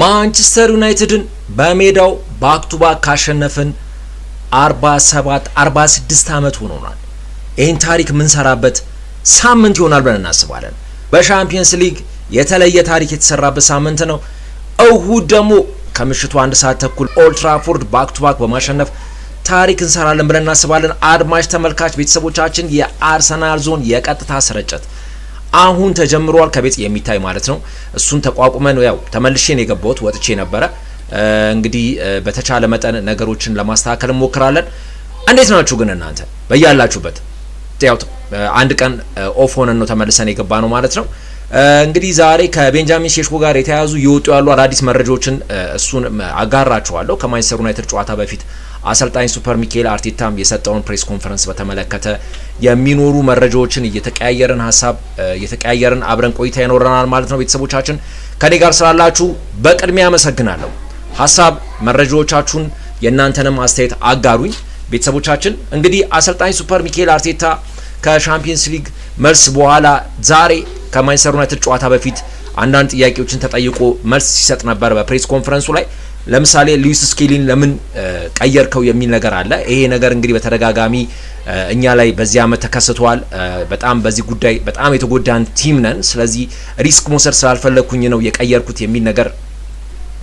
ማንቸስተር ዩናይትድን በሜዳው በአክቱባ ካሸነፍን 47 46 ዓመት ሆኖናል። ይህን ታሪክ የምንሰራበት ሳምንት ይሆናል ብለን እናስባለን። በሻምፒየንስ ሊግ የተለየ ታሪክ የተሰራበት ሳምንት ነው። እሁድ ደግሞ ከምሽቱ አንድ ሰዓት ተኩል ኦልትራፎርድ ባክቱባክ በማሸነፍ ታሪክ እንሰራለን ብለን እናስባለን። አድማጭ ተመልካች ቤተሰቦቻችን የአርሰናል ዞን የቀጥታ ስርጭት አሁን ተጀምሯል ከቤት የሚታይ ማለት ነው። እሱን ተቋቁመን ያው ተመልሼ ነው የገባሁት ወጥቼ ነበረ። እንግዲህ በተቻለ መጠን ነገሮችን ለማስተካከል እንሞክራለን። እንዴት ናችሁ ግን እናንተ በያላችሁበት? ያው አንድ ቀን ኦፍ ሆነን ነው ተመልሰን የገባ ነው ማለት ነው። እንግዲህ ዛሬ ከቤንጃሚን ሼሽኮ ጋር የተያያዙ እየወጡ ያሉ አዳዲስ መረጃዎችን እሱን አጋራችኋለሁ። ከማንቸስተር ዩናይትድ ጨዋታ በፊት አሰልጣኝ ሱፐር ሚካኤል አርቴታም የሰጠውን ፕሬስ ኮንፈረንስ በተመለከተ የሚኖሩ መረጃዎችን እየተቀያየርን ሀሳብ እየተቀያየርን አብረን ቆይታ ይኖረናል ማለት ነው። ቤተሰቦቻችን ከኔ ጋር ስላላችሁ በቅድሚያ አመሰግናለሁ። ሀሳብ መረጃዎቻችሁን የእናንተንም አስተያየት አጋሩኝ። ቤተሰቦቻችን እንግዲህ አሰልጣኝ ሱፐር ሚካኤል አርቴታ ከሻምፒየንስ ሊግ መልስ በኋላ ዛሬ ከማንቸስተር ዩናይትድ ጨዋታ በፊት አንዳንድ ጥያቄዎችን ተጠይቆ መልስ ሲሰጥ ነበር በፕሬስ ኮንፈረንሱ ላይ ለምሳሌ ሉዊስ ስኬሊን ለምን ቀየርከው የሚል ነገር አለ። ይሄ ነገር እንግዲህ በተደጋጋሚ እኛ ላይ በዚህ አመት ተከስቷል። በጣም በዚህ ጉዳይ በጣም የተጎዳን ቲም ነን። ስለዚህ ሪስክ መውሰድ ስላልፈለግኩኝ ነው የቀየርኩት የሚል ነገር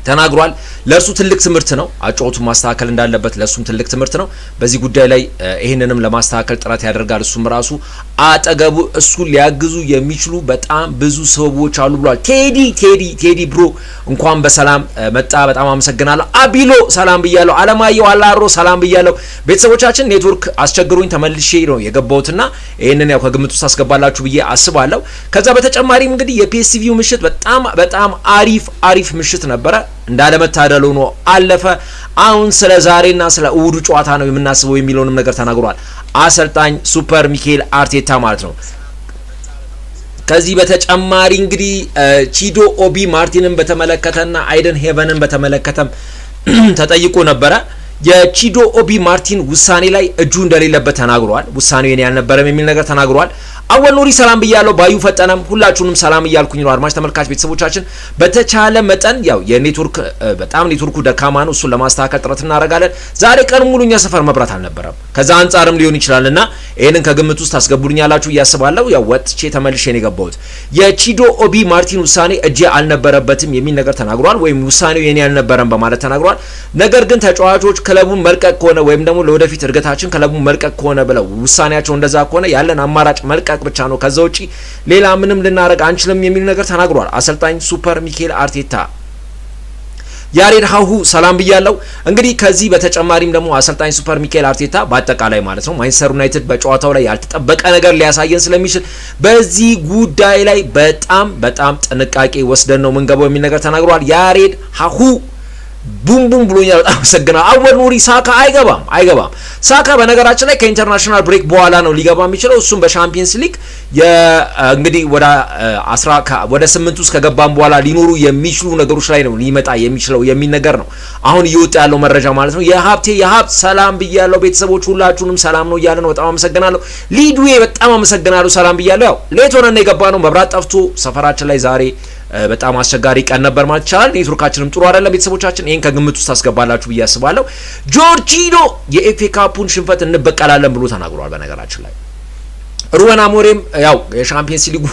ተናግሯል። ለእርሱ ትልቅ ትምህርት ነው። አጫወቱን ማስተካከል እንዳለበት ለእሱም ትልቅ ትምህርት ነው። በዚህ ጉዳይ ላይ ይህንንም ለማስተካከል ጥረት ያደርጋል። እሱም ራሱ አጠገቡ እሱ ሊያግዙ የሚችሉ በጣም ብዙ ሰዎች አሉ ብሏል። ቴዲ ቴዲ ቴዲ ብሮ እንኳን በሰላም መጣ። በጣም አመሰግናለሁ። አቢሎ ሰላም ብያለሁ። አለማየሁ አላሮ ሰላም ብያለሁ። ቤተሰቦቻችን ኔትወርክ አስቸግሮኝ ተመልሼ ነው የገባሁትና ይህንን ያው ከግምት ውስጥ አስገባላችሁ ብዬ አስባለሁ። ከዛ በተጨማሪም እንግዲህ የፒኤስቪው ምሽት በጣም በጣም አሪፍ አሪፍ ምሽት ነበረ። እንዳለመታደል ሆኖ አለፈ። አሁን ስለ ዛሬና ስለ እሁዱ ጨዋታ ነው የምናስበው የሚለውንም ነገር ተናግሯል አሰልጣኝ ሱፐር ሚካኤል አርቴታ ማለት ነው። ከዚህ በተጨማሪ እንግዲህ ቺዶ ኦቢ ማርቲንን በተመለከተና አይደን ሄቨንን በተመለከተም ተጠይቆ ነበረ። የቺዶ ኦቢ ማርቲን ውሳኔ ላይ እጁ እንደሌለበት ተናግሯል። ውሳኔው የኔ ያልነበረም የሚል ነገር ተናግሯል። አወል ኑሪ ሰላም ብያለው። ባዩ ፈጠነም ሁላችሁንም ሰላም እያልኩኝ ነው። አድማጭ ተመልካች ቤተሰቦቻችን በተቻለ መጠን ያው የኔትወርክ በጣም ኔትወርኩ ደካማ ነው። እሱን ለማስተካከል ጥረት እናደርጋለን። ዛሬ ቀን ሙሉ እኛ ሰፈር መብራት አልነበረም። ከዛ አንጻርም ሊሆን ይችላል እና ይህንን ከግምት ውስጥ ያላችሁ እያስባለሁ። ያው ወጥቼ ተመልሼ ነው የገባሁት። የቺዶ ኦቢ ማርቲን ውሳኔ እጄ አልነበረበትም የሚል ነገር ተናግሯል። ወይም ውሳኔው የኔ አልነበረም በማለት ተናግሯል። ነገር ግን ተጫዋቾች ክለቡን መልቀቅ ከሆነ ወይም ደግሞ ለወደፊት እድገታችን ክለቡን መልቀቅ ከሆነ ብለው ውሳኔያቸው እንደዛ ከሆነ ያለን አማራጭ መልቀቅ መጨነቅ ብቻ ነው። ከዛ ውጪ ሌላ ምንም ልናረግ አንችልም የሚል ነገር ተናግሯል አሰልጣኝ ሱፐር ሚኬል አርቴታ። ያሬድ ሀሁ ሰላም ብያለው። እንግዲህ ከዚህ በተጨማሪም ደግሞ አሰልጣኝ ሱፐር ሚካኤል አርቴታ በአጠቃላይ ማለት ነው ማንቸስተር ዩናይትድ በጨዋታው ላይ ያልተጠበቀ ነገር ሊያሳየን ስለሚችል በዚህ ጉዳይ ላይ በጣም በጣም ጥንቃቄ ወስደን ነው ምንገባው የሚል ነገር ተናግሯል። ያሬድ ሀሁ ቡምቡም ቡም ብሎኛል። በጣም አመሰግናለሁ። አወል ኑሪ ሳካ አይገባም አይገባም። ሳካ በነገራችን ላይ ከኢንተርናሽናል ብሬክ በኋላ ነው ሊገባ የሚችለው። እሱም በሻምፒየንስ ሊግ እንግዲህ ወደ አስራ ወደ ስምንት ውስጥ ከገባም በኋላ ሊኖሩ የሚችሉ ነገሮች ላይ ነው ሊመጣ የሚችለው የሚል ነገር ነው አሁን እየወጣ ያለው መረጃ ማለት ነው። የሀብቴ የሀብት ሰላም ብያለሁ። ቤተሰቦች ሁላችሁንም ሰላም ነው እያለ ነው። በጣም አመሰግናለሁ። ሊድዌ በጣም አመሰግናለሁ። ሰላም ብያለሁ። ያው ሌት የገባ ነው። መብራት ጠፍቶ ሰፈራችን ላይ ዛሬ በጣም አስቸጋሪ ቀን ነበር ማለት ይቻላል። ኔትወርካችንም ጥሩ አይደለም። ቤተሰቦቻችን ይህን ከግምት ውስጥ አስገባላችሁ ብዬ አስባለሁ። ጆርጂኖ የኤፌ ካፑን ሽንፈት እንበቀላለን ብሎ ተናግሯል። በነገራችን ላይ ሩበን አሞሬም ያው የሻምፒየንስ ሊጉ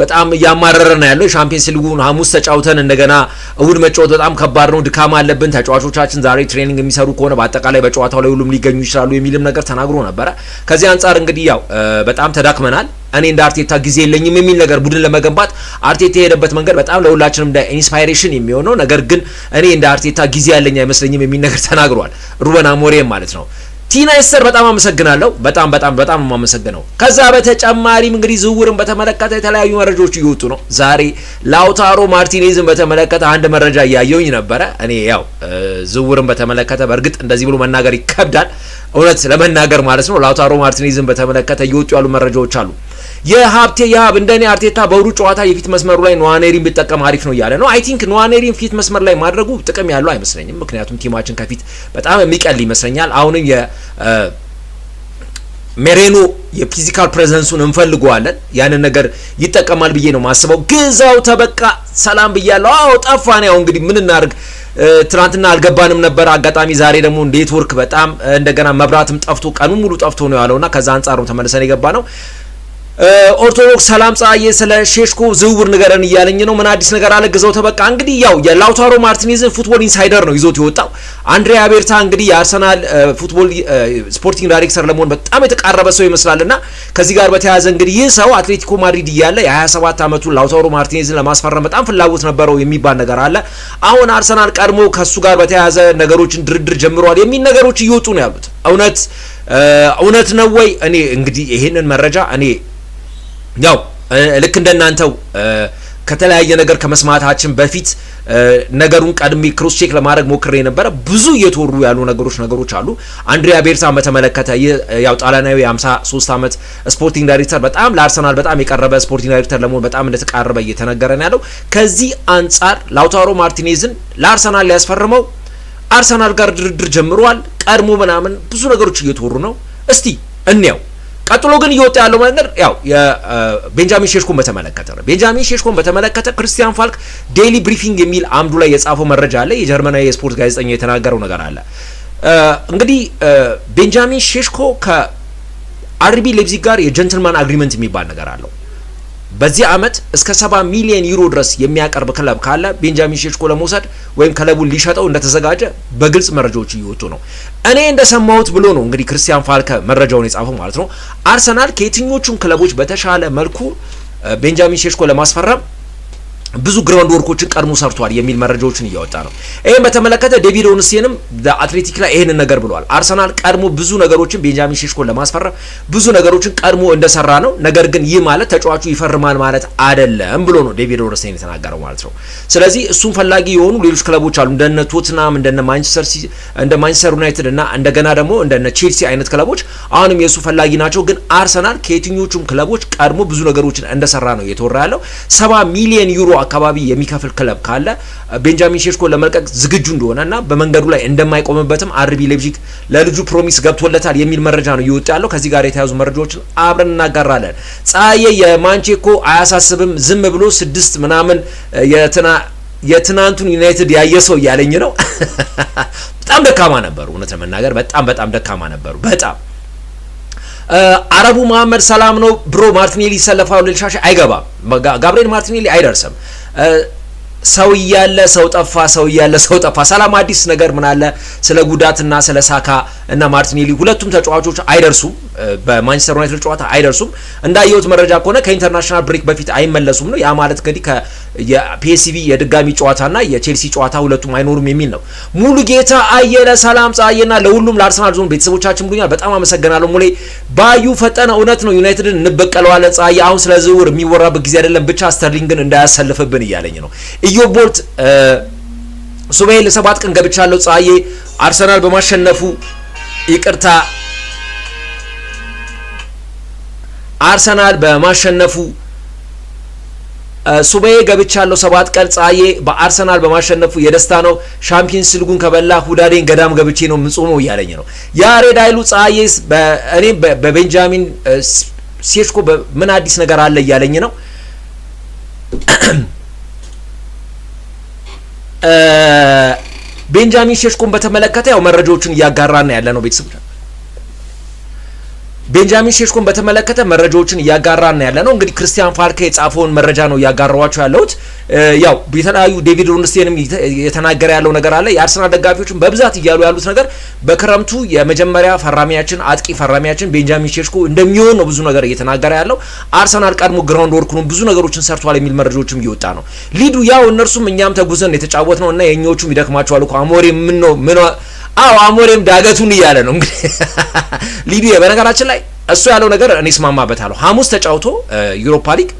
በጣም እያማረረ ነው ያለው። የሻምፒየንስ ሊጉን ሐሙስ ተጫውተን እንደገና እሁድ መጫወት በጣም ከባድ ነው፣ ድካም አለብን። ተጫዋቾቻችን ዛሬ ትሬኒንግ የሚሰሩ ከሆነ በአጠቃላይ በጨዋታው ላይ ሁሉም ሊገኙ ይችላሉ የሚልም ነገር ተናግሮ ነበረ። ከዚህ አንጻር እንግዲህ ያው በጣም ተዳክመናል እኔ እንደ አርቴታ ጊዜ የለኝም የሚል ነገር ቡድን ለመገንባት አርቴታ የሄደበት መንገድ በጣም ለሁላችንም እንደ ኢንስፓይሬሽን የሚሆነው ነገር ግን እኔ እንደ አርቴታ ጊዜ ያለኝ አይመስለኝም የሚል ነገር ተናግሯል ሩበን አሞሬም ማለት ነው። ቲና ኤስተር በጣም አመሰግናለሁ። በጣም በጣም በጣም የማመሰግነው። ከዛ በተጨማሪም እንግዲህ ዝውውርን በተመለከተ የተለያዩ መረጃዎች እየወጡ ነው። ዛሬ ላውታሮ ማርቲኔዝን በተመለከተ አንድ መረጃ እያየውኝ ነበረ። እኔ ያው ዝውውርን በተመለከተ በእርግጥ እንደዚህ ብሎ መናገር ይከብዳል፣ እውነት ለመናገር ማለት ነው። ላውታሮ ማርቲኔዝን በተመለከተ እየወጡ ያሉ መረጃዎች አሉ። የሀብቴ የሀብ እንደኔ አርቴታ በሩ ጨዋታ የፊት መስመሩ ላይ ነዋኔሪን ብጠቀም አሪፍ ነው እያለ ነው። አይ ቲንክ ነዋኔሪን ፊት መስመር ላይ ማድረጉ ጥቅም ያለው አይመስለኝም። ምክንያቱም ቲማችን ከፊት በጣም የሚቀል ይመስለኛል። አሁንም የሜሬኖ የፊዚካል ፕሬዘንሱን እንፈልገዋለን። ያንን ነገር ይጠቀማል ብዬ ነው ማስበው። ግዛው ተበቃ ሰላም ብያለሁ። አዎ ጠፋን። ያው እንግዲህ ምን እናርግ ትናንትና አልገባንም ነበር አጋጣሚ። ዛሬ ደግሞ ኔትወርክ በጣም እንደገና መብራትም ጠፍቶ ቀኑን ሙሉ ጠፍቶ ነው ያለውና ከዛ አንጻር ነው ተመልሰን የገባ ነው። ኦርቶዶክስ ሰላም ፀሐዬ ስለ ሼሽኮ ዝውውር ንገረን እያለኝ ነው። ምን አዲስ ነገር አለ? ግዘው ተበቃ እንግዲህ ያው የላውታሮ ማርቲኔዝን ፉትቦል ኢንሳይደር ነው ይዞት የወጣው። አንድሪያ ቤርታ እንግዲህ የአርሰናል ፉትቦል ስፖርቲንግ ዳይሬክተር ለመሆን በጣም የተቃረበ ሰው ይመስላል እና ከዚህ ጋር በተያያዘ እንግዲህ ይህ ሰው አትሌቲኮ ማድሪድ እያለ የ27 ዓመቱን ላውታሮ ማርቲኔዝን ለማስፈረም በጣም ፍላጎት ነበረው የሚባል ነገር አለ። አሁን አርሰናል ቀድሞ ከሱ ጋር በተያያዘ ነገሮችን ድርድር ጀምረዋል የሚል ነገሮች እየወጡ ነው ያሉት። እውነት እውነት ነው ወይ? እኔ እንግዲህ ይሄንን መረጃ እኔ ያው ልክ እንደናንተው ከተለያየ ነገር ከመስማታችን በፊት ነገሩን ቀድሜ ክሮስ ቼክ ለማድረግ ሞክሬ ነበረ። ብዙ እየተወሩ ያሉ ነገሮች ነገሮች አሉ። አንድሪያ ቤርሳን በተመለከተ ያው ጣሊያናዊ የ53 ዓመት ስፖርቲንግ ዳይሬክተር በጣም ለአርሰናል በጣም የቀረበ ስፖርቲንግ ዳይሬክተር ለመሆን በጣም እንደተቃረበ እየተነገረ ነው ያለው። ከዚህ አንጻር ላውታሮ ማርቲኔዝን ለአርሰናል ሊያስፈርመው አርሰናል ጋር ድርድር ጀምሯል። ቀድሞ ምናምን ብዙ ነገሮች እየተወሩ ነው። እስቲ እንያው። ቀጥሎ ግን እየወጣ ያለው መንገድ ያው የቤንጃሚን ሼሽኮን በተመለከተ ነው። ቤንጃሚን ሼሽኮን በተመለከተ ክርስቲያን ፋልክ ዴይሊ ብሪፊንግ የሚል አምዱ ላይ የጻፈው መረጃ አለ። የጀርመናዊ የስፖርት ጋዜጠኛ የተናገረው ነገር አለ። እንግዲህ ቤንጃሚን ሼሽኮ ከአርቢ ሌብዚግ ጋር የጀንትልማን አግሪመንት የሚባል ነገር አለው። በዚህ አመት እስከ 70 ሚሊዮን ዩሮ ድረስ የሚያቀርብ ክለብ ካለ ቤንጃሚን ሼሽኮ ለመውሰድ ወይም ክለቡን ሊሸጠው እንደተዘጋጀ በግልጽ መረጃዎች እየወጡ ነው። እኔ እንደሰማሁት ብሎ ነው እንግዲህ ክርስቲያን ፋልከ መረጃውን የጻፈው ማለት ነው። አርሰናል ከየትኞቹም ክለቦች በተሻለ መልኩ ቤንጃሚን ሼሽኮ ለማስፈረም ብዙ ግራውንድ ወርኮችን ቀድሞ ሰርቷል የሚል መረጃዎችን እያወጣ ነው። ይህን በተመለከተ ዴቪድ ኦንስቴንም አትሌቲክ ላይ ይህንን ነገር ብለዋል። አርሰናል ቀድሞ ብዙ ነገሮችን ቤንጃሚን ሼሽኮ ለማስፈረም ብዙ ነገሮችን ቀድሞ እንደሰራ ነው። ነገር ግን ይህ ማለት ተጫዋቹ ይፈርማል ማለት አይደለም ብሎ ነው ዴቪድ ኦንስቴን የተናገረው ማለት ነው። ስለዚህ እሱም ፈላጊ የሆኑ ሌሎች ክለቦች አሉ እንደነ ቶትናም እንደነ ማንቸስተር ዩናይትድ እና እንደገና ደግሞ እንደነ ቼልሲ አይነት ክለቦች አሁንም የእሱ ፈላጊ ናቸው። ግን አርሰናል ከየትኞቹም ክለቦች ቀድሞ ብዙ ነገሮችን እንደሰራ ነው የተወራ ያለው ሰባ ሚሊዮን ዩሮ አካባቢ የሚከፍል ክለብ ካለ ቤንጃሚን ሼሽኮ ለመልቀቅ ዝግጁ እንደሆነ እና በመንገዱ ላይ እንደማይቆምበትም አርቢ ሌብዚግ ለልጁ ፕሮሚስ ገብቶለታል የሚል መረጃ ነው እየወጣ ያለው። ከዚህ ጋር የተያዙ መረጃዎችን አብረን እናጋራለን። ጸሀዬ የማንቼኮ አያሳስብም ዝም ብሎ ስድስት ምናምን የትና የትናንቱን ዩናይትድ ያየ ሰው እያለኝ ነው። በጣም ደካማ ነበሩ። እውነት ለመናገር በጣም በጣም ደካማ ነበሩ በጣም አረቡ መሀመድ ሰላም ነው ብሮ ማርቲኔሊ ይሰለፋል ልሻሻ አይገባም። ጋብሪኤል ማርቲኔሊ አይደርስም። ሰው እያለ ሰው ጠፋ፣ ሰው እያለ ሰው ጠፋ። ሰላም አዲስ ነገር ምን አለ ስለ ጉዳትና ስለ ሳካ እና ማርቲኔሊ ሁለቱም ተጫዋቾች አይደርሱም፣ በማንቸስተር ዩናይትድ ጨዋታ አይደርሱም። እንዳየሁት መረጃ ከሆነ ከኢንተርናሽናል ብሬክ በፊት አይመለሱም ነው። ያ ማለት እንግዲህ ከፒኤስቪ የድጋሚ ጨዋታና የቼልሲ ጨዋታ ሁለቱም አይኖሩም የሚል ነው። ሙሉ ጌታ አየለ ሰላም ጸሐዬና ለሁሉም ለአርሰናል ዞን ቤተሰቦቻችን ብሉኛል። በጣም አመሰግናለሁ ሙሌ ባዩ ፈጠነ። እውነት ነው ዩናይትድን እንበቀለዋለን። ጸሐዬ አሁን ስለ ዝውውር የሚወራበት ጊዜ አይደለም፣ ብቻ ስተርሊንግን እንዳያሰልፍብን እያለኝ ነው። ኢዮቦልት ሱባኤ ለሰባት ቀን ገብቻለሁ። ጸሐዬ አርሰናል በማሸነፉ ይቅርታ አርሰናል በማሸነፉ ሱባኤ ገብቻለሁ። ሰባት ቀን ፀሐዬ በአርሰናል በማሸነፉ የደስታ ነው። ሻምፒየንስ ሊጉን ከበላ ሁዳዴን ገዳም ገብቼ ነው ምጽመው እያለኝ ነው ያሬድ ኃይሉ። ፀሐዬ እኔም በቤንጃሚን ሴሽኮ ምን አዲስ ነገር አለ እያለኝ ነው። ቤንጃሚን ሼሽኮን በተመለከተ ያው መረጃዎችን እያጋራና ያለ ነው ቤተሰብ ቤንጃሚን ሼሽኮን በተመለከተ መረጃዎችን እያጋራን ያለ ነው። እንግዲህ ክርስቲያን ፋልካ የጻፈውን መረጃ ነው እያጋራዋቸው ያለሁት። ያው የተለያዩ ዴቪድ ሮንስቴንም የተናገረ ያለው ነገር አለ። የአርሰናል ደጋፊዎችን በብዛት እያሉ ያሉት ነገር በክረምቱ የመጀመሪያ ፈራሚያችን አጥቂ ፈራሚያችን ቤንጃሚን ሼሽኮ እንደሚሆን ነው ብዙ ነገር እየተናገረ ያለው። አርሰናል ቀድሞ ግራውንድ ወርክ ነው ብዙ ነገሮችን ሰርቷል የሚል መረጃዎችም እየወጣ ነው። ሊዱ ያው እነርሱም እኛም ተጉዘን የተጫወት ነው እና የእኛዎቹም ይደክማቸዋል እኮ አሞሪ ምን ነው አዎ አሞሬም ዳገቱን እያለ ነው እንግዲህ ሊቢያ። በነገራችን ላይ እሱ ያለው ነገር እኔ እስማማበታለሁ። ሐሙስ ተጫውቶ ዩሮፓ ሊግ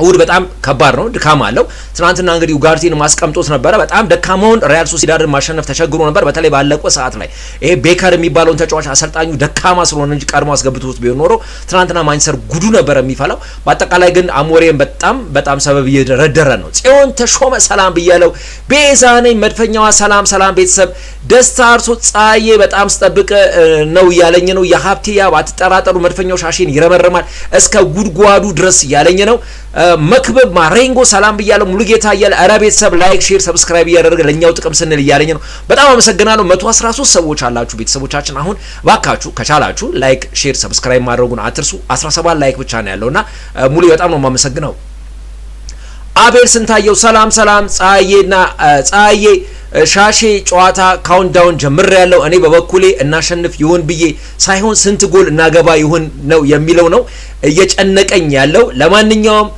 እሁድ በጣም ከባድ ነው፣ ድካም አለው። ትናንትና እንግዲህ ኡጋርቴን ማስቀምጦት ነበረ። በጣም ደካማውን ሪያል ሶሲዳድን ማሸነፍ ተቸግሮ ነበር፣ በተለይ ባለቆ ሰዓት ላይ ይሄ ቤከር የሚባለውን ተጫዋች አሰልጣኙ ደካማ ስለሆነ እንጂ ቀድሞ አስገብቶት ቢሆን ኖሮ ትናንትና ማንቸስተር ጉዱ ነበር የሚፈላው። በአጠቃላይ ግን አሞሬም በጣም በጣም ሰበብ እየደረደረ ነው። ጽዮን ተሾመ ሰላም ብያለው። ቤዛነኝ መድፈኛዋ ሰላም ሰላም ቤተሰብ ደስታ አርሶ ፀሐዬ በጣም ስጠብቅ ነው እያለኝ ነው። የሀብቴ ያብ አትጠራጠሩ፣ መድፈኛው ሻሽን ይረመርማል እስከ ጉድጓዱ ድረስ እያለኝ ነው። መክበብ ማሬንጎ ሰላም ብያለሁ። ሙሉጌታ እያለ ረ ቤተሰብ ላይክ፣ ሼር፣ ሰብስክራይብ እያደረገ ለእኛው ጥቅም ስንል እያለኝ ነው። በጣም አመሰግናለሁ። መቶ ሰዎች አላችሁ ቤተሰቦቻችን። አሁን ባካችሁ ከቻላችሁ ላይክ፣ ሼር፣ ሰብስክራይብ ማድረጉን አትርሱ። 17 ላይክ ብቻ ነው ያለውና ሙሉ በጣም ነው የማመሰግነው። አቤል ስንታየው ሰላም ሰላም። ፀሐዬና ፀሐዬ ሻሼ ጨዋታ ካውንዳውን ጀምር ያለው እኔ በበኩሌ እናሸንፍ ይሆን ብዬ ሳይሆን ስንት ጎል እናገባ ይሆን ነው የሚለው ነው እየጨነቀኝ ያለው። ለማንኛውም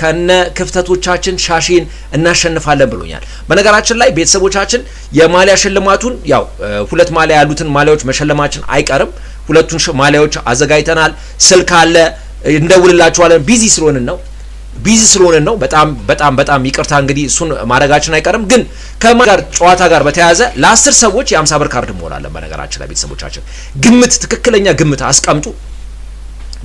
ከነ ክፍተቶቻችን ሻሼን እናሸንፋለን ብሎኛል። በነገራችን ላይ ቤተሰቦቻችን የማሊያ ሽልማቱን ያው ሁለት ማሊያ ያሉትን ማሊያዎች መሸለማችን አይቀርም። ሁለቱን ማሊያዎች አዘጋጅተናል። ስልክ አለ እንደውልላችኋለን። ቢዚ ስለሆንን ነው ቢዚ ስለሆነ ነው። በጣም በጣም በጣም ይቅርታ እንግዲህ እሱን ማድረጋችን አይቀርም። ግን ከማን ጋር ጨዋታ ጋር በተያያዘ ለአስር ሰዎች የ50 ብር ካርድ መሆናለን። በነገራችን ላይ ቤተሰቦቻችን ግምት፣ ትክክለኛ ግምት አስቀምጡ።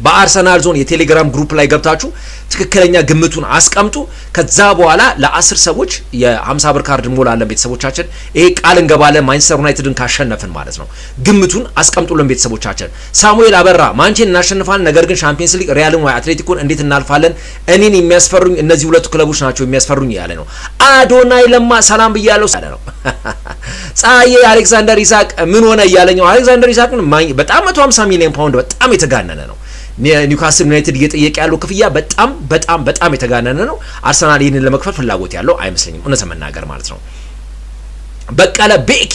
በአርሰናል ዞን የቴሌግራም ግሩፕ ላይ ገብታችሁ ትክክለኛ ግምቱን አስቀምጡ። ከዛ በኋላ ለአስር ሰዎች የ50 ብር ካርድ እንሞላለን። ቤተሰቦቻችን ይሄ ቃል እንገባለን ማንቸስተር ዩናይትድን ካሸነፍን ማለት ነው። ግምቱን አስቀምጡልን ቤተሰቦቻችን። ሳሙኤል አበራ ማንቼን እናሸንፋለን፣ ነገር ግን ሻምፒየንስ ሊግ ሪያልን ወይ አትሌቲኮን እንዴት እናልፋለን? እኔን የሚያስፈሩኝ እነዚህ ሁለቱ ክለቦች ናቸው የሚያስፈሩኝ ያለ ነው። አዶናይ ለማ ሰላም ብያለው ያለ ነው። ፀሐዬ አሌክሳንደር ኢሳቅ ምን ሆነ እያለኛው። አሌክሳንደር ኢሳቅ በጣም 150 ሚሊዮን ፓውንድ በጣም የተጋነነ ነው። ኒውካስል ዩናይትድ እየጠየቀ ያለው ክፍያ በጣም በጣም በጣም የተጋነነ ነው። አርሰናል ይህንን ለመክፈል ፍላጎት ያለው አይመስለኝም፣ እውነት መናገር ማለት ነው። በቀለ ቤኪ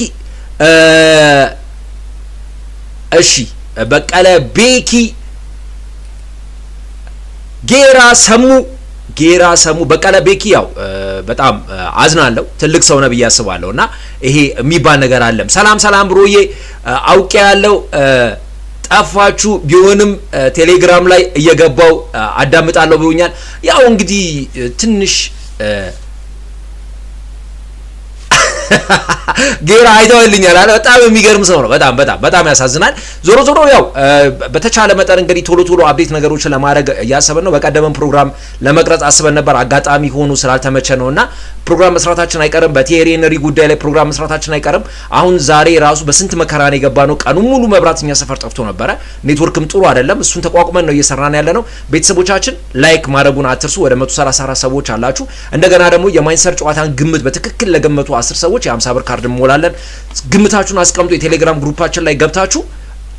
እሺ፣ በቀለ ቤኪ ጌራ ሰሙ ጌራ ሰሙ በቀለ ቤኪ ያው በጣም አዝናለሁ። ትልቅ ሰው ነው ብዬ አስባለሁ እና ይሄ የሚባል ነገር አለም። ሰላም ሰላም ብሮዬ አውቄ ያለው ጠፋችሁ ቢሆንም ቴሌግራም ላይ እየገባው አዳምጣለሁ ብሎኛል። ያው እንግዲህ ትንሽ ጌራ አይተውልኛል አለ። በጣም የሚገርም ሰው ነው። በጣም በጣም በጣም ያሳዝናል። ዞሮ ዞሮ ያው በተቻለ መጠን እንግዲህ ቶሎ ቶሎ አፕዴት ነገሮችን ለማድረግ እያሰብን ነው። በቀደመን ፕሮግራም ለመቅረጽ አስበን ነበር፣ አጋጣሚ ሆኖ ስላልተመቸ ነው እና ፕሮግራም መስራታችን አይቀርም። በቲዬሪ ሄንሪ ጉዳይ ላይ ፕሮግራም መስራታችን አይቀርም። አሁን ዛሬ ራሱ በስንት መከራ ነው የገባ ነው። ቀኑን ሙሉ መብራት እኛ ሰፈር ጠፍቶ ነበረ። ኔትወርክም ጥሩ አይደለም። እሱን ተቋቁመን ነው እየሰራን ያለ ነው። ቤተሰቦቻችን ላይክ ማድረጉን አትርሱ። ወደ 134 ሰዎች አላችሁ። እንደገና ደግሞ የማይንሰር ጨዋታን ግምት በትክክል ለገመቱ 10 ሰዎች ሰዎች የ50 ብር ካርድ እንሞላለን። ግምታችሁን አስቀምጡ። የቴሌግራም ግሩፓችን ላይ ገብታችሁ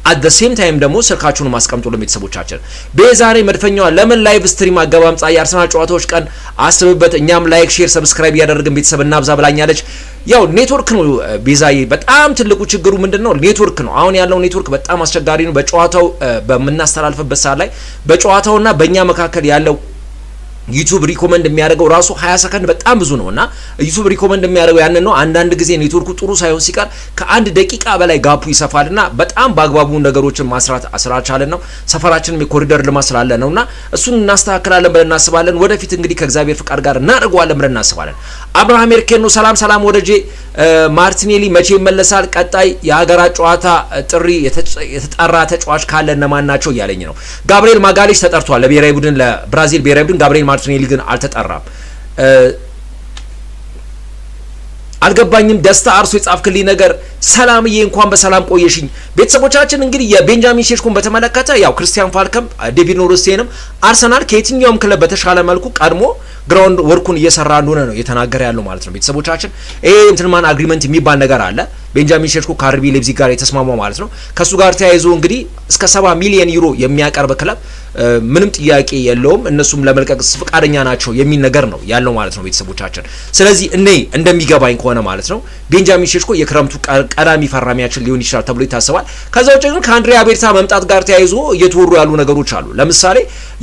አት ዘ ሴም ታይም ደግሞ ስልካችሁን ማስቀምጡ ለቤተሰቦቻችን። በዛሬ መድፈኛዋ ለምን ላይቭ ስትሪም አገባምጻ የአርሰናል ጨዋታዎች ቀን አስብበት። እኛም ላይክ፣ ሼር፣ ሰብስክራይብ እያደረግን ቤተሰብ እናብዛ ብላኛለች። ያው ኔትወርክ ነው ቤዛዬ። በጣም ትልቁ ችግሩ ምንድን ነው? ኔትወርክ ነው። አሁን ያለው ኔትወርክ በጣም አስቸጋሪ ነው። በጨዋታው በምናስተላልፍበት ሰዓት ላይ በጨዋታውና በእኛ መካከል ያለው ዩቱብ ሪኮመንድ የሚያደርገው ራሱ 20 ሰከንድ በጣም ብዙ ነው እና ዩቱብ ሪኮመንድ የሚያደርገው ያንን ነው። አንዳንድ ጊዜ ኔትወርኩ ጥሩ ሳይሆን ሲቀር ከአንድ ደቂቃ በላይ ጋፑ ይሰፋል እና በጣም በአግባቡ ነገሮችን ማስራት ስላልቻለን ነው። ሰፈራችንም የኮሪደር ልማት ስላለ ነው እና እሱን እናስተካክላለን ብለን እናስባለን። ወደፊት እንግዲህ ከእግዚአብሔር ፍቃድ ጋር እናደርገዋለን ብለን እናስባለን። አብርሃም ነው። ሰላም ሰላም፣ ወደጄ ማርቲኔሊ መቼ ይመለሳል? ቀጣይ የሀገራት ጨዋታ ጥሪ የተጠራ ተጫዋች ካለ እነማን ናቸው እያለኝ ነው። ጋብርኤል ማጋሌሽ ተጠርቷል ለብሔራዊ ቡድን ለብራዚል ብሔራዊ ቡድን ጋብርኤል ማርቲኔሊ ግን አልተጠራም። አልገባኝም። ደስታ አርሶ የጻፍክልኝ ነገር ሰላምዬ እንኳን በሰላም ቆየሽኝ። ቤተሰቦቻችን እንግዲህ የቤንጃሚን ሼሽኮን በተመለከተ ያው ክርስቲያን ፋልከም፣ ዴቪድ ኖርስትዌንም አርሰናል ከየትኛውም ክለብ በተሻለ መልኩ ቀድሞ ግራውንድ ወርኩን እየሰራ እንደሆነ ነው እየተናገረ ያለው ማለት ነው። ቤተሰቦቻችን ይሄ እንትንማን አግሪመንት የሚባል ነገር አለ። ቤንጃሚን ሼሽኮ ከአርቢ ሌብዚግ ጋር የተስማማው ማለት ነው። ከእሱ ጋር ተያይዞ እንግዲህ እስከ ሰባ ሚሊዮን ዩሮ የሚያቀርብ ክለብ ምንም ጥያቄ የለውም። እነሱም ለመልቀቅ ፈቃደኛ ናቸው የሚል ነገር ነው ያለው ማለት ነው ቤተሰቦቻችን። ስለዚህ እኔ እንደሚገባኝ ከሆነ ማለት ነው ቤንጃሚን ሼሽኮ የክረምቱ ቀዳሚ ፈራሚያችን ሊሆን ይችላል ተብሎ ይታሰባል። ከዛ ውጭ ግን ከአንድሪያ ቤርታ መምጣት ጋር ተያይዞ እየተወሩ ያሉ ነገሮች አሉ። ለምሳሌ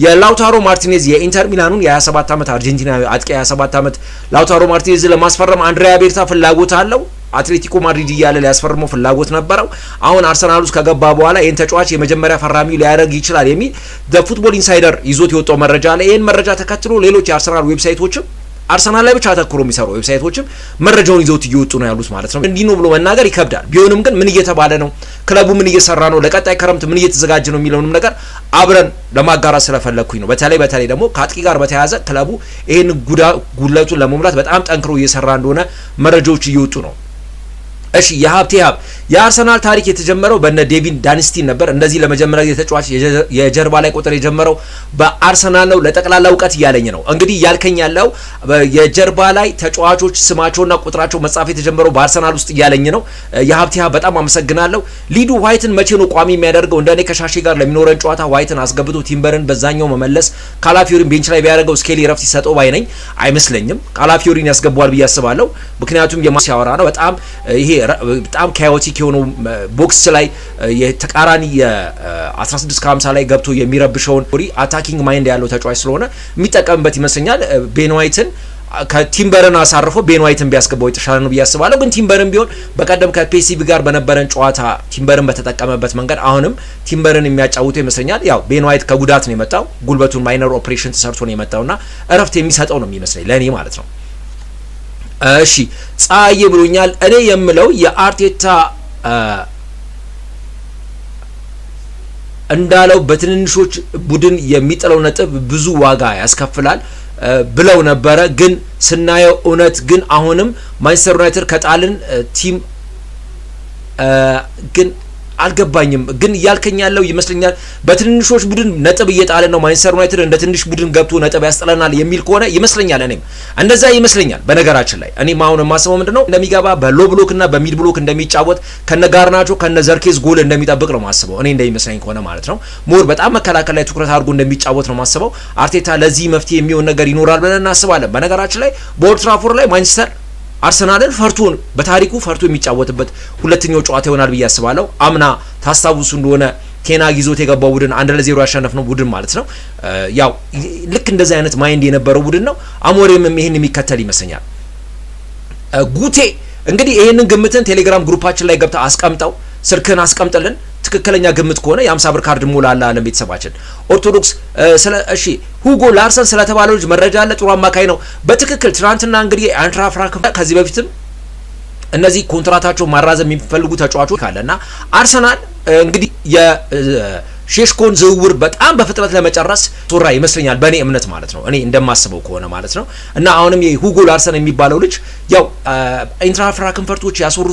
የላውታሮ ማርቲኔዝ የኢንተር ሚላኑን የ27 ዓመት አርጀንቲናዊ አጥቂ 27 ዓመት ላውታሮ ማርቲኔዝ ለማስፈረም አንድሪያ ቤርታ ፍላጎት አለው። አትሌቲኮ ማድሪድ እያለ ሊያስፈርመው ፍላጎት ነበረው። አሁን አርሰናል ውስጥ ከገባ በኋላ ይህን ተጫዋች የመጀመሪያ ፈራሚ ሊያደርግ ይችላል የሚል ፉትቦል ኢንሳይደር ይዞት የወጣው መረጃ አለ። ይህን መረጃ ተከትሎ ሌሎች የአርሰናል ዌብሳይቶችም አርሰናል ላይ ብቻ አተኩሮ የሚሰሩ ዌብሳይቶችም መረጃውን ይዘውት እየወጡ ነው ያሉት ማለት ነው። እንዲህ ነው ብሎ መናገር ይከብዳል። ቢሆንም ግን ምን እየተባለ ነው፣ ክለቡ ምን እየሰራ ነው፣ ለቀጣይ ክረምት ምን እየተዘጋጀ ነው የሚለውንም ነገር አብረን ለማጋራት ስለፈለግኩኝ ነው። በተለይ በተለይ ደግሞ ከአጥቂ ጋር በተያያዘ ክለቡ ይህን ጉዳ ጉለቱን ለመሙላት በጣም ጠንክሮ እየሰራ እንደሆነ መረጃዎች እየወጡ ነው። እሺ የሀብቴ ሀብ የአርሰናል ታሪክ የተጀመረው በነ ዴቪን ዳንስቲን ነበር። እንደዚህ ለመጀመሪያ ጊዜ ተጫዋች የጀርባ ላይ ቁጥር የጀመረው በአርሰናል ነው። ለጠቅላላ እውቀት እያለኝ ነው። እንግዲህ እያልከኝ ያለው የጀርባ ላይ ተጫዋቾች ስማቸውና ቁጥራቸው መጻፍ የተጀመረው በአርሰናል ውስጥ እያለኝ ነው። የሀብቴ ሀብ በጣም አመሰግናለሁ። ሊዱ ዋይትን መቼ ነው ቋሚ የሚያደርገው? እንደኔ ከሻሺ ጋር ለሚኖረን ጨዋታ ዋይትን አስገብቶ ቲምበርን በዛኛው መመለስ ካላፊዮሪን ቤንች ላይ ቢያደርገው ስኬሊ ረፍት ይሰጠው ባይ ነኝ። አይመስለኝም። ካላፊዮሪን ያስገቧል ብዬ አስባለሁ። ምክንያቱም የማሲያወራ ነው በጣም ይሄ በጣም ካዮቲክ የሆኑ ቦክስ ላይ የተቃራኒ የ 1650 ላይ ገብቶ የሚረብሸውን አታኪንግ ማይንድ ያለው ተጫዋች ስለሆነ የሚጠቀምበት ይመስለኛል ቤንዋይትን ከቲምበርን አሳርፎ ቤንዋይትን ቢያስገባው የተሻለ ነው ብዬ አስባለሁ። ግን ቲምበርን ቢሆን በቀደም ከፔሲቪ ጋር በነበረን ጨዋታ ቲምበርን በተጠቀመበት መንገድ አሁንም ቲምበርን የሚያጫውተው ይመስለኛል። ያው ቤንዋይት ከጉዳት ነው የመጣው ጉልበቱን ማይነር ኦፕሬሽን ተሰርቶ ነው የመጣውና እረፍት የሚሰጠው ነው የሚመስለኝ ለእኔ ማለት ነው። እሺ ፀሐዬ ብሎኛል። እኔ የምለው የአርቴታ እንዳለው በትንንሾች ቡድን የሚጥለው ነጥብ ብዙ ዋጋ ያስከፍላል ብለው ነበረ። ግን ስናየው እውነት ግን አሁንም ማንቸስተር ዩናይትድ ከጣልን ቲም ግን አልገባኝም ግን እያልከኝ ያለው ይመስለኛል በትንንሾች ቡድን ነጥብ እየጣለ ነው። ማንቸስተር ዩናይትድ እንደ ትንሽ ቡድን ገብቶ ነጥብ ያስጥለናል የሚል ከሆነ ይመስለኛል። እኔም እንደዛ ይመስለኛል። በነገራችን ላይ እኔ አሁን የማስበው ምንድን ነው እንደሚገባ በሎ ብሎክ በሚድ ብሎክ እንደሚጫወት ከነ ጋርናቾ ከነ ዘርኬዝ ጎል እንደሚጠብቅ ነው ማስበው እኔ እንደሚመስለኝ ከሆነ ማለት ነው። ሞር በጣም መከላከል ላይ ትኩረት አድርጎ እንደሚጫወት ነው ማስበው። አርቴታ ለዚህ መፍትሄ የሚሆን ነገር ይኖራል ብለን እናስባለን። በነገራችን ላይ በኦልትራፎር ላይ ማንቸስተር አርሰናልን ፈርቶን በታሪኩ ፈርቶ የሚጫወትበት ሁለተኛው ጨዋታ ይሆናል ብዬ አስባለሁ። አምና ታስታውሱ እንደሆነ ቴና ጊዞት የገባው ቡድን አንድ ለዜሮ ያሸነፍ ነው ቡድን ማለት ነው። ያው ልክ እንደዚህ አይነት ማይንድ የነበረው ቡድን ነው። አሞሪምም ይሄን የሚከተል ይመስለኛል። ጉቴ እንግዲህ ይህንን ግምትን ቴሌግራም ግሩፓችን ላይ ገብተ አስቀምጠው፣ ስልክን አስቀምጥልን። ትክክለኛ ግምት ከሆነ የ50 ብር ካርድ ሞላላ አለን ቤተሰባችን። ኦርቶዶክስ ስለ እሺ ሁጎ ላርሰን ስለተባለው ልጅ መረጃ አለ። ጥሩ አማካይ ነው በትክክል ትናንትና እንግዲህ አንትራ ፍራንክ ከዚህ በፊትም እነዚህ ኮንትራታቸው ማራዘም የሚፈልጉ ተጫዋቾች ካለ እና አርሰናል እንግዲህ ሼሽኮን ዝውውር በጣም በፍጥነት ለመጨረስ ሱራ ይመስለኛል፣ በእኔ እምነት ማለት ነው። እኔ እንደማስበው ከሆነ ማለት ነው። እና አሁንም የሁጎ ላርሰን የሚባለው ልጅ ያው ኢንትራ ፍራንክፈርቶች ያስወሩት